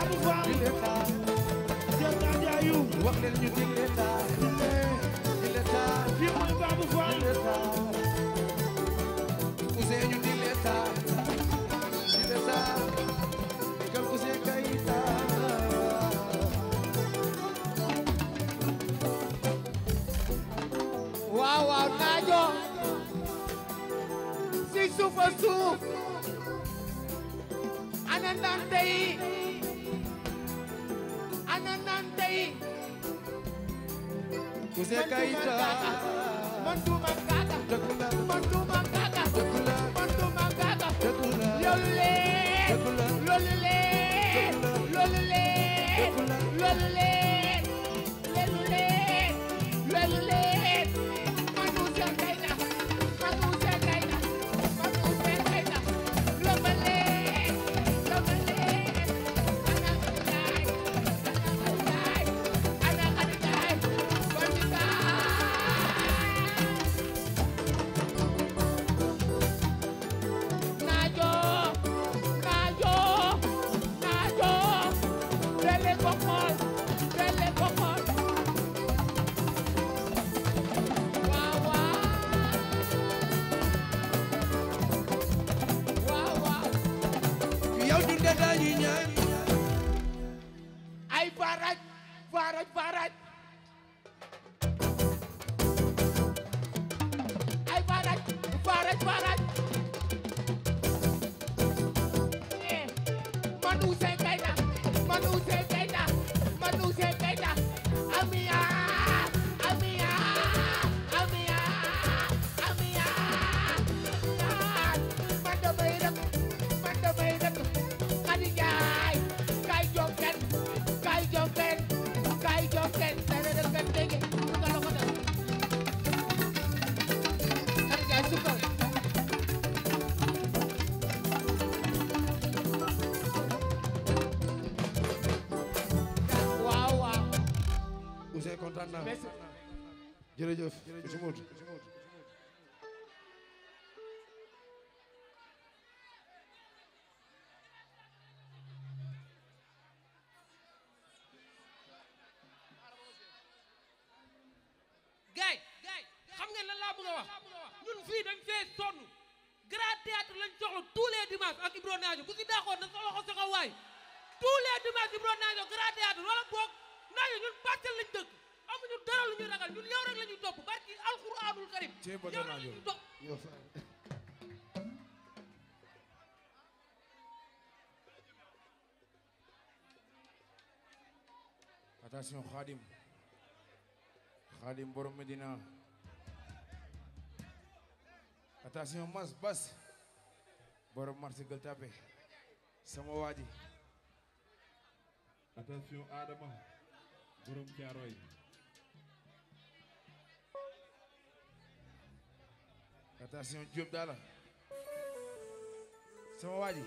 Babou Fall Cerna Ndiayou wax leen ñu digle taa digle Ouzin Keïta man duma gaga dëgg la man duma gaga dëgg la man duma gaga dëgg la loolu lee loolu lee loolu lee loolu lee dañu ñaan jërëjëf ci mut gaay xam ngeen lan laa bëgg a wax ñun fii dañ fee sonn grand théâtre lañ soxla tous les dimanches ak Ibro ku si daaxoon na sa loxo sa waay tous les dimanches Ibro Nadio grand wala boog Nadio ñun Parcelles lañ dëkk amul dara lu ñu ragal ñun yow rek la topp barki alxuraanul karim yow rek la ñuy topp attention xaadim xaadim borom Medina attention mas bas borom marché Gueule sama waaji attention adama borom Thiaroye attention Diop daala sama waa ji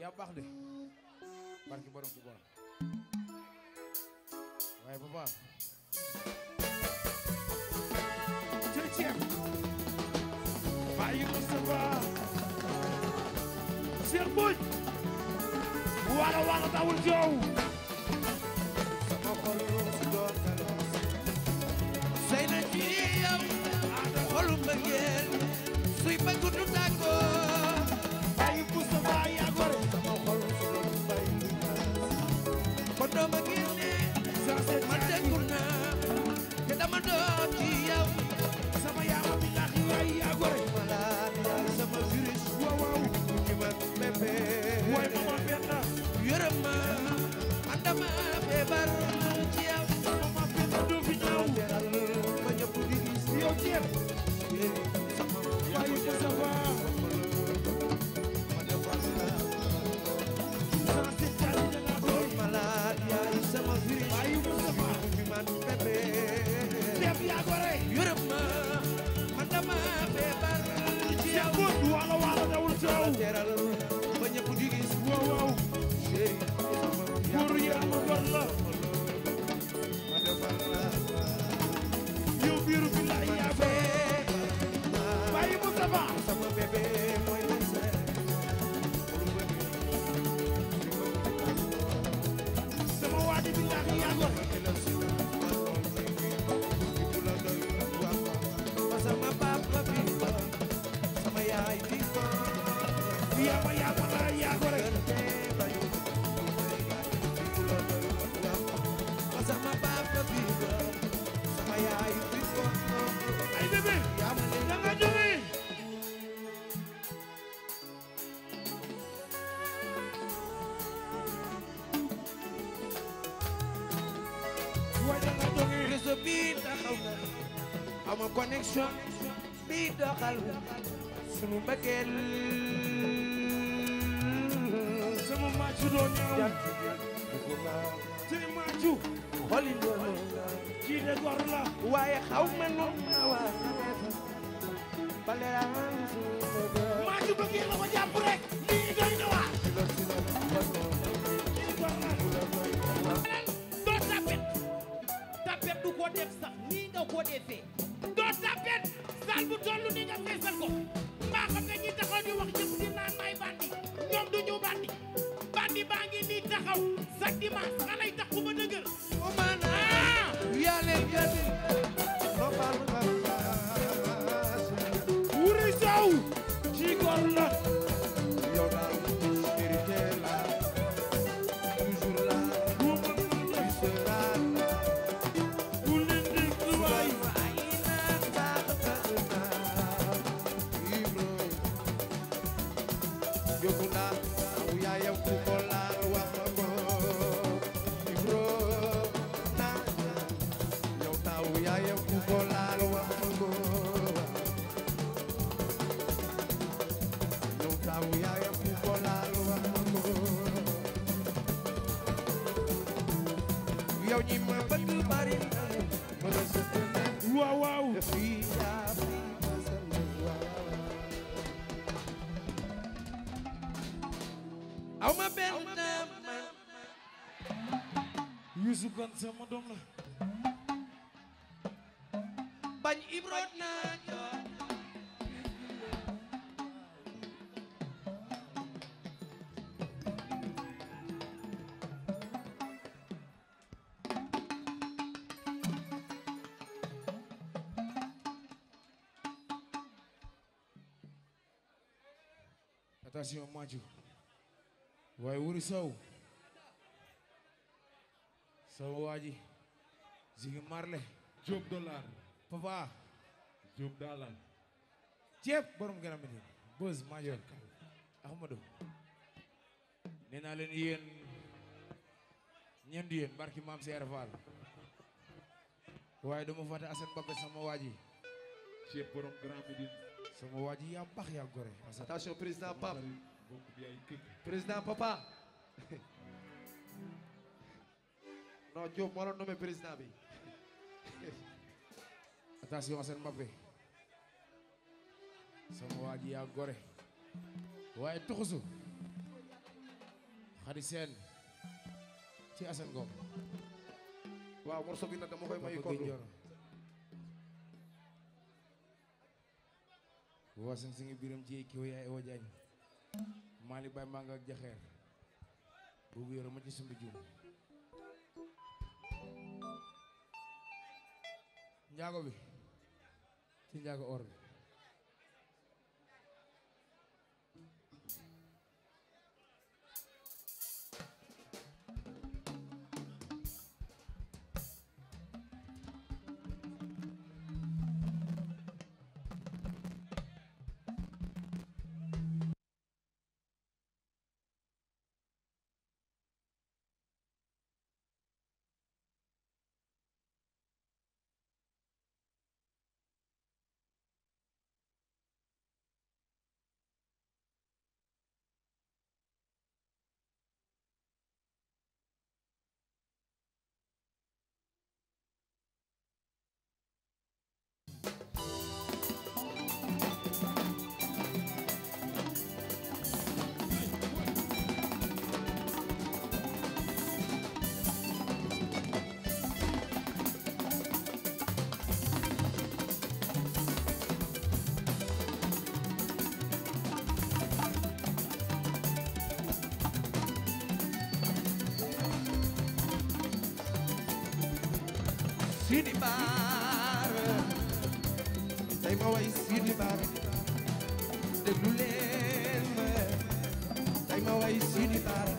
yaa baax de barki borom ki borom waaye papa cërëcër bàyyi Moustapha Cheikh Mbodj wala wala dawul joow yërëm ma andama bebar sama connexion bi doxal sunu mbëggeel sama màccu doon ñëw tey màccu xoli doon kii de gor la waaye xaw ma noon na waa bale am màccu bëggee la ma jàpp rek lii doy na waa doo tapet tapet du ko def sax nii nga ko defee bu toll nii nga feesal ko mbaa xam ne ñi taxaw di wax yëpp di naan may bandi ñoom du ñu bandi bandi baa ngi nii taxaw chaque dimanche aw ma benn man Youssou Kane sama doom la bañ ibroot naa jox attention Madjou waaye wuri sow sama waaji ji jigi marle Diop dollar papa Diop dollar ceeb borom gën a mel buzz major ka Ahmadou naa leen yéen ñeen di yéen barki maam Seere Fall waaye dama fàtte Assane Babé sama waa ji ceeb borom Grand Médine sama waa ji yaa baax yaa gore attention président Pape bokk bi ay këgg président papa non Diop moo la nommé président bi attention Assane Mbappé sama waa ji yaa gore seen ci Assane Ngom waaw morceau bi nag dama koy mayu kondu wasan singi biram ci kiwo yaay Ewa Diagne Malick Baye maa nga ak jaxeer bu wéeroo ma ci sumbi juum njaago bi ci njaago or bi Sidi Bara tey ma way Sidi Bara déglu leen ma tey ma way Sidi Bara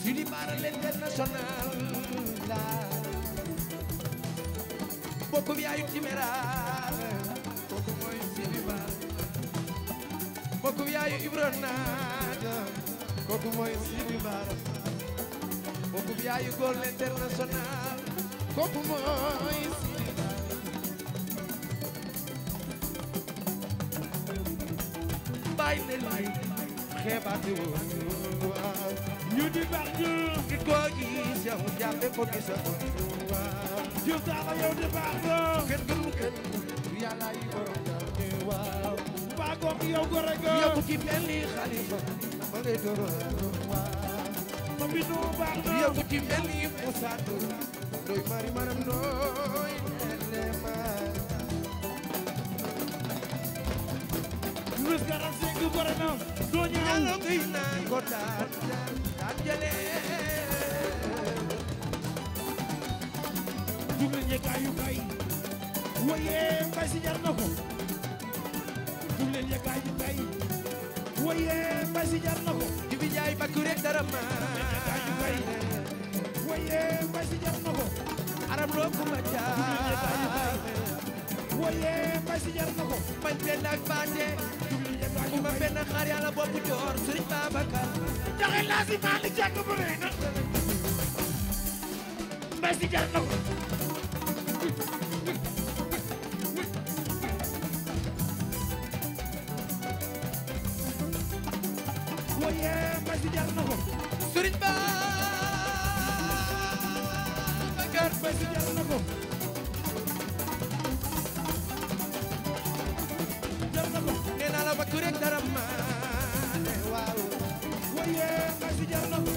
Sidi Bara l'international la bokku bi ayu Timéra kooku mooy Sidi Bara bokku bi ayu Ibra Naaja kooku mooy Sidi Bara bokku bi ayu gol l'international kooku mooy bay ne lay xeebaate woon waaw ñu di baax ñu ki koo gis yow ko gisa waaw jëf daala yow di baax nga kenn gënu kenn yàlla yi borom daal ne waaw mbaa kooku yow gore nga yow ki mel ni xalifa ba ngay doro waaw ma mbindoo baax nga yow ki mel ni doy mari maram doy elema Louis Garab Seck boranam do ñaalo ngay naan ko daan daan jële dugle ñe kayu kay waye mbay si jar na dugle ñe kayu kay waye mbay si jar na ko jibi jaay bakku rek dara ma waaye mbay si jar na ko arab loo ko ma jaabe waaye mbay si jar na ko man benn ak baate ku ma benn xaar yàlla bopp joor sëriñ Babacar taxe laa si maa li jàng bu rëy na mbay si jar na ko waaye mbay si jar na ko sëriñ Ba weesu jar na ko jar na ko nee naa la ba ku rek dara maane waaw waaye weesu jar na ko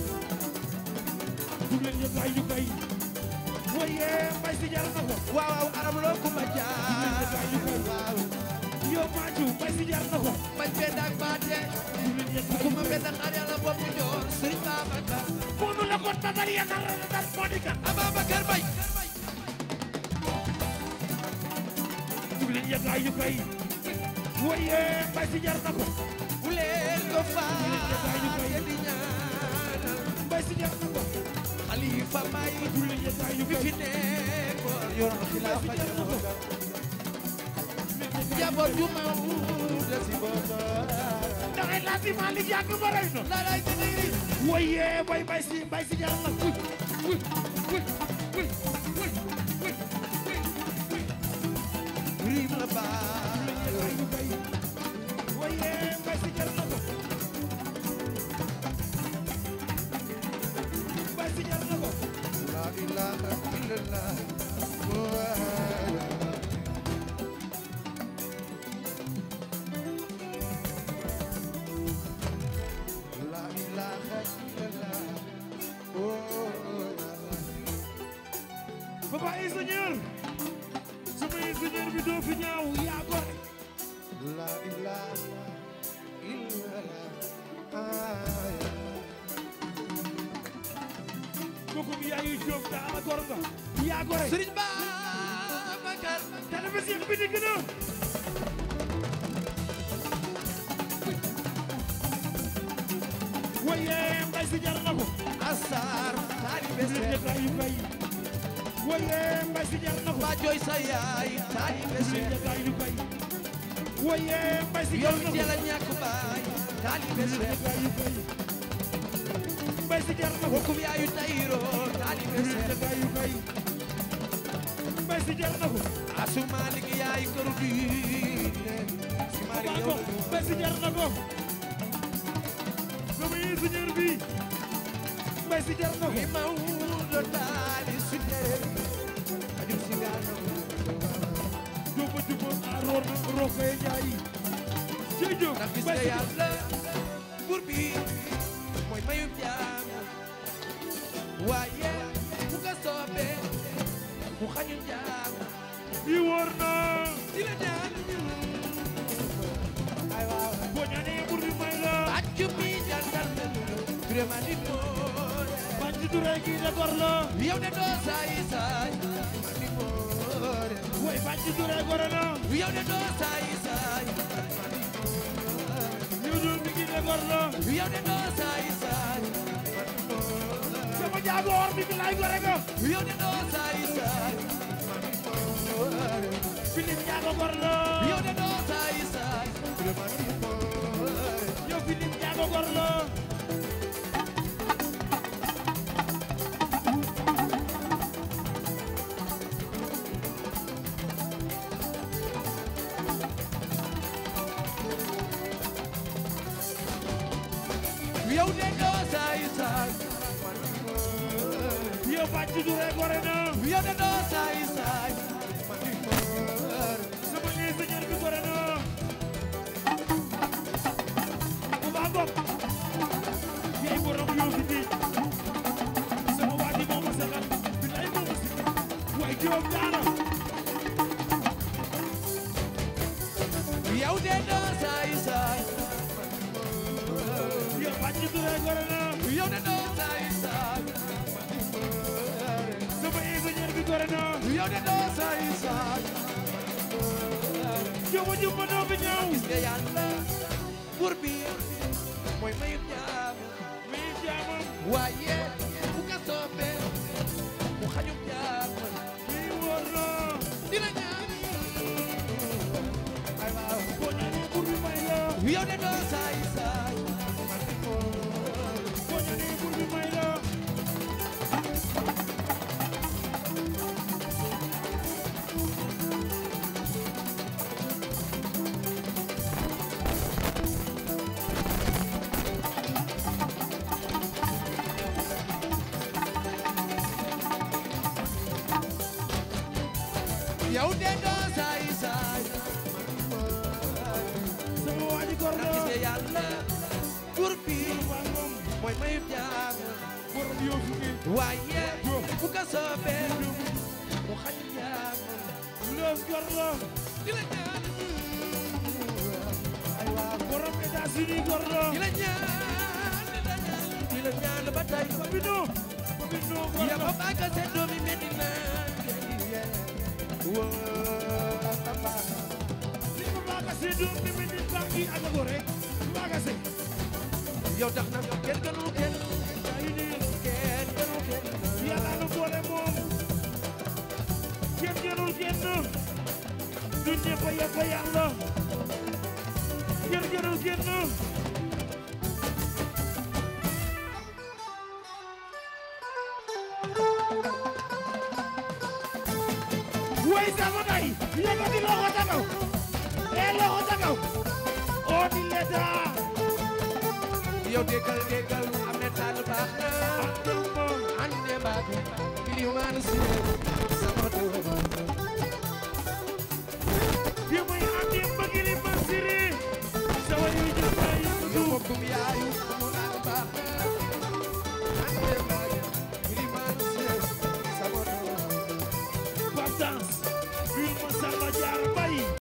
dugg leen yëpp ay yukay waaye weesu jar na ko waaw waaw aram loo ku ma jaar waaw yow maaju weesu jar na ko bañ benn ak baate ku ma benn xaar yàlla bopp joor Serigne Babacar munu la ko tadal yanar la dal Monica Ababacar Mbaye jagaay yu koy waye bay si jar na ko bu leen ko faate di ñaanal bay si jar na ko xalifa may julli jagaay yu koy fi nekkoon yoroon xilaafa jaboot ju ma wuuda si booba ndaxay laati maalik yàgg ba rey na waye bay bay si jar na ko baa yaa gore sëriñ Babacar télévision bi di gën a woyee mbay si jar na ko asar taalibe Seex Bay woyee mbay si jar na ko ba jooy sa yaay taalibe Seex Bay woyee mbay si jar na ko yow la ñàkk baay taalibe Seex Bay mbay si jar na ko hukum yaayu tayro taalibe Seex Bay may si jël na ko asumaalik ah, yaay këru diine may si jël na ko sama ingénieur bi may si jël na ko i maw do taali si tere ajum si gaa na ko a mu xañu jaam bi wóor na di la jaam ñu ay waaw boo ñaanee bur bi may la bàcc bi jàngal na vraiment nit moo bàcc duree gi de gor la yow de doo saay saay nit moo way bàcc duree gore na yow de doo saay saay yow de doo saay jaago war bi bi lay gore yow de doo saay saay Philip gor la yow de doo saay yow Philip jaago gor la yo fàcc du rek war na yo de do saay saay ma di mër sama ingénieur bi war na bu baax bopp kii borom yow fi di sama waa di moom sa kan bi lay moom si waaye juróom ñaara yow de do saay saay ma di mër yo fàcc du rek war na yo de do yow de doo say saag juma juma doo fi ñëw gis nga yàlla buur bi mooy mayu jaam mayu jaamam waaye bu ka soobee mu xañu jaam kii wóor na dina ñaan ay waaw boo ñaanee buur bi may la yow de doo say gorlo dila ñaan ay waa borom États-Unis gorlo dila ñaan dila ñaan ba tey Bobino Bobino gorlo ya baba ka se doomi Medina wo papa li baba ka se doomi Medina bangi ak gore baba ka se yow tax na kenn gënu kenn kenn gënu kenn yàlla nu boole moom kenn gënul kenn yónnee ko ya ko yàlla jërëjëf génn way sama day yëkkati loxo ca kaw ee loxo ca kaw oo di leta yow déggal déggal am ne taal baax na ande baatu bilimaan si sama doom